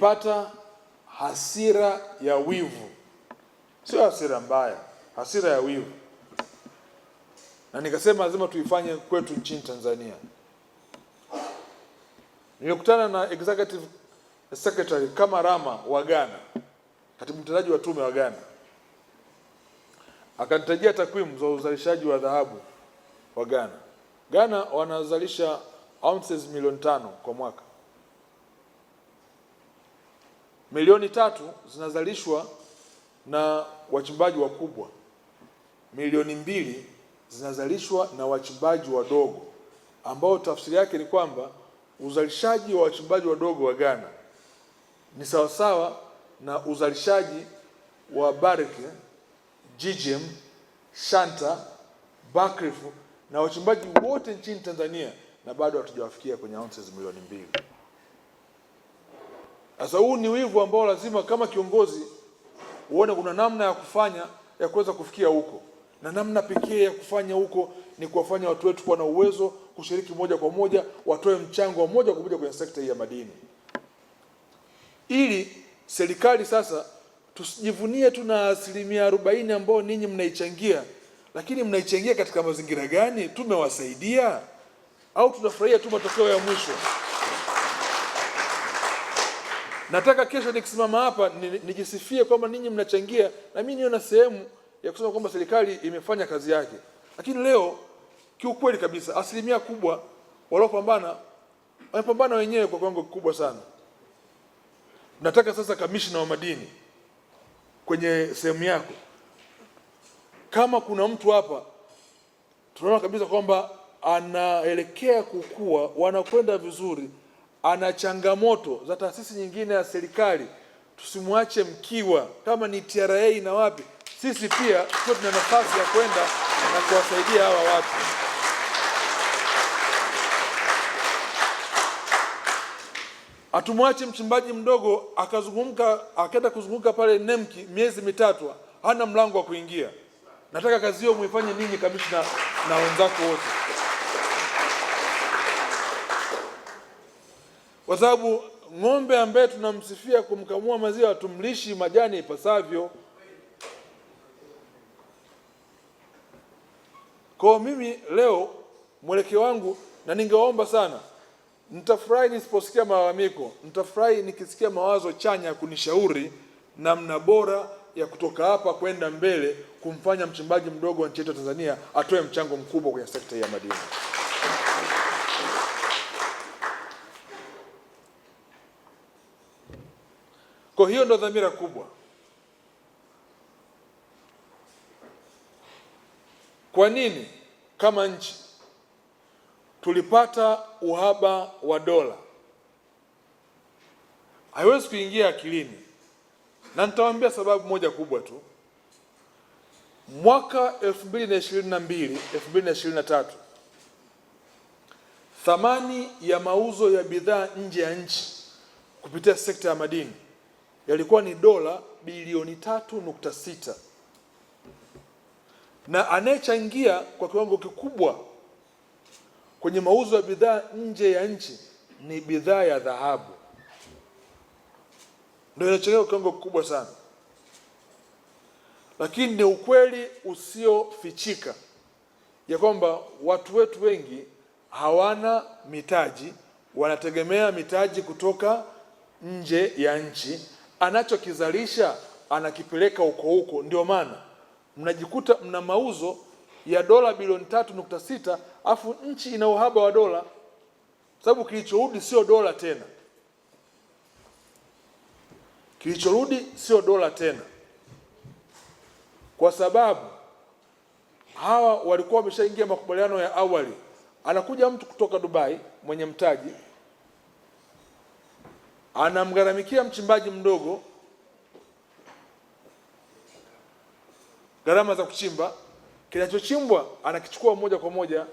nilipata hasira ya wivu, sio hasira mbaya, hasira ya wivu, na nikasema lazima tuifanye kwetu nchini Tanzania. Nilikutana na executive secretary kama Rama wa Ghana, katibu mtendaji wa tume wa Ghana, akanitajia takwimu za uzalishaji wa dhahabu wa Ghana. Ghana wanazalisha ounces milioni tano kwa mwaka Milioni tatu zinazalishwa na wachimbaji wakubwa, milioni mbili zinazalishwa na wachimbaji wadogo, ambao tafsiri yake ni kwamba uzalishaji wa wachimbaji wadogo wa Ghana ni sawasawa na uzalishaji wa Barrick, GGM, Shanta, Buckreef na wachimbaji wote nchini Tanzania na bado hatujawafikia kwenye ounces milioni mbili. Sasa huu ni wivu ambao lazima kama kiongozi uone kuna namna ya kufanya ya kuweza kufikia huko, na namna pekee ya kufanya huko ni kuwafanya watu wetu kuwa na uwezo kushiriki moja kwa moja, watoe mchango wa moja kwa moja kwenye sekta hii ya madini, ili serikali sasa tusijivunie tu na asilimia arobaini ambao ninyi mnaichangia, lakini mnaichangia katika mazingira gani? Tumewasaidia au tunafurahia tu matokeo ya mwisho? nataka kesho nikisimama hapa nijisifie kwamba ninyi mnachangia na mimi niona sehemu ya kusema kwamba serikali imefanya kazi yake. Lakini leo kiukweli kabisa, asilimia kubwa waliopambana wamepambana wenyewe kwa kiwango kikubwa sana. Nataka sasa kamishna wa madini kwenye sehemu yako, kama kuna mtu hapa tunaona kabisa kwamba anaelekea kukua, wanakwenda vizuri ana changamoto za taasisi nyingine ya serikali, tusimwache mkiwa. Kama ni TRA na wapi, sisi pia tuko tuna nafasi ya kwenda na kuwasaidia hawa watu. Hatumwache mchimbaji mdogo akazungumka akaenda kuzunguka pale Nemki miezi mitatu hana mlango wa kuingia. Nataka kazi hiyo muifanye ninyi kamishna na wenzako wote. kwa sababu ng'ombe ambaye tunamsifia kumkamua maziwa tumlishi majani ipasavyo. Kwa mimi leo mwelekeo wangu, na ningewaomba sana, nitafurahi nisiposikia malalamiko, nitafurahi nikisikia mawazo chanya kunishauri namna bora ya kutoka hapa kwenda mbele kumfanya mchimbaji mdogo wa nchi yetu ya Tanzania atoe mchango mkubwa kwenye sekta hii ya madini. Kwa hiyo ndo dhamira kubwa. Kwa nini kama nchi tulipata uhaba wa dola? Haiwezi kuingia akilini, na nitawaambia sababu moja kubwa tu. Mwaka 2022 2023 thamani ya mauzo ya bidhaa nje ya nchi kupitia sekta ya madini yalikuwa ni dola bilioni tatu nukta sita na anayechangia kwa kiwango kikubwa kwenye mauzo ya bidhaa nje ya nchi ni bidhaa ya dhahabu, ndio inachangia kwa kiwango kikubwa sana. Lakini ni ukweli usiofichika ya kwamba watu wetu wengi hawana mitaji, wanategemea mitaji kutoka nje ya nchi anachokizalisha anakipeleka huko huko. Ndio maana mnajikuta mna mauzo ya dola bilioni tatu nukta sita afu nchi ina uhaba wa dola, sababu kilichorudi sio dola tena, kilichorudi sio dola tena, kwa sababu hawa walikuwa wameshaingia makubaliano ya awali. Anakuja mtu kutoka Dubai mwenye mtaji anamgharamikia mchimbaji mdogo gharama za kuchimba, kinachochimbwa anakichukua moja kwa moja.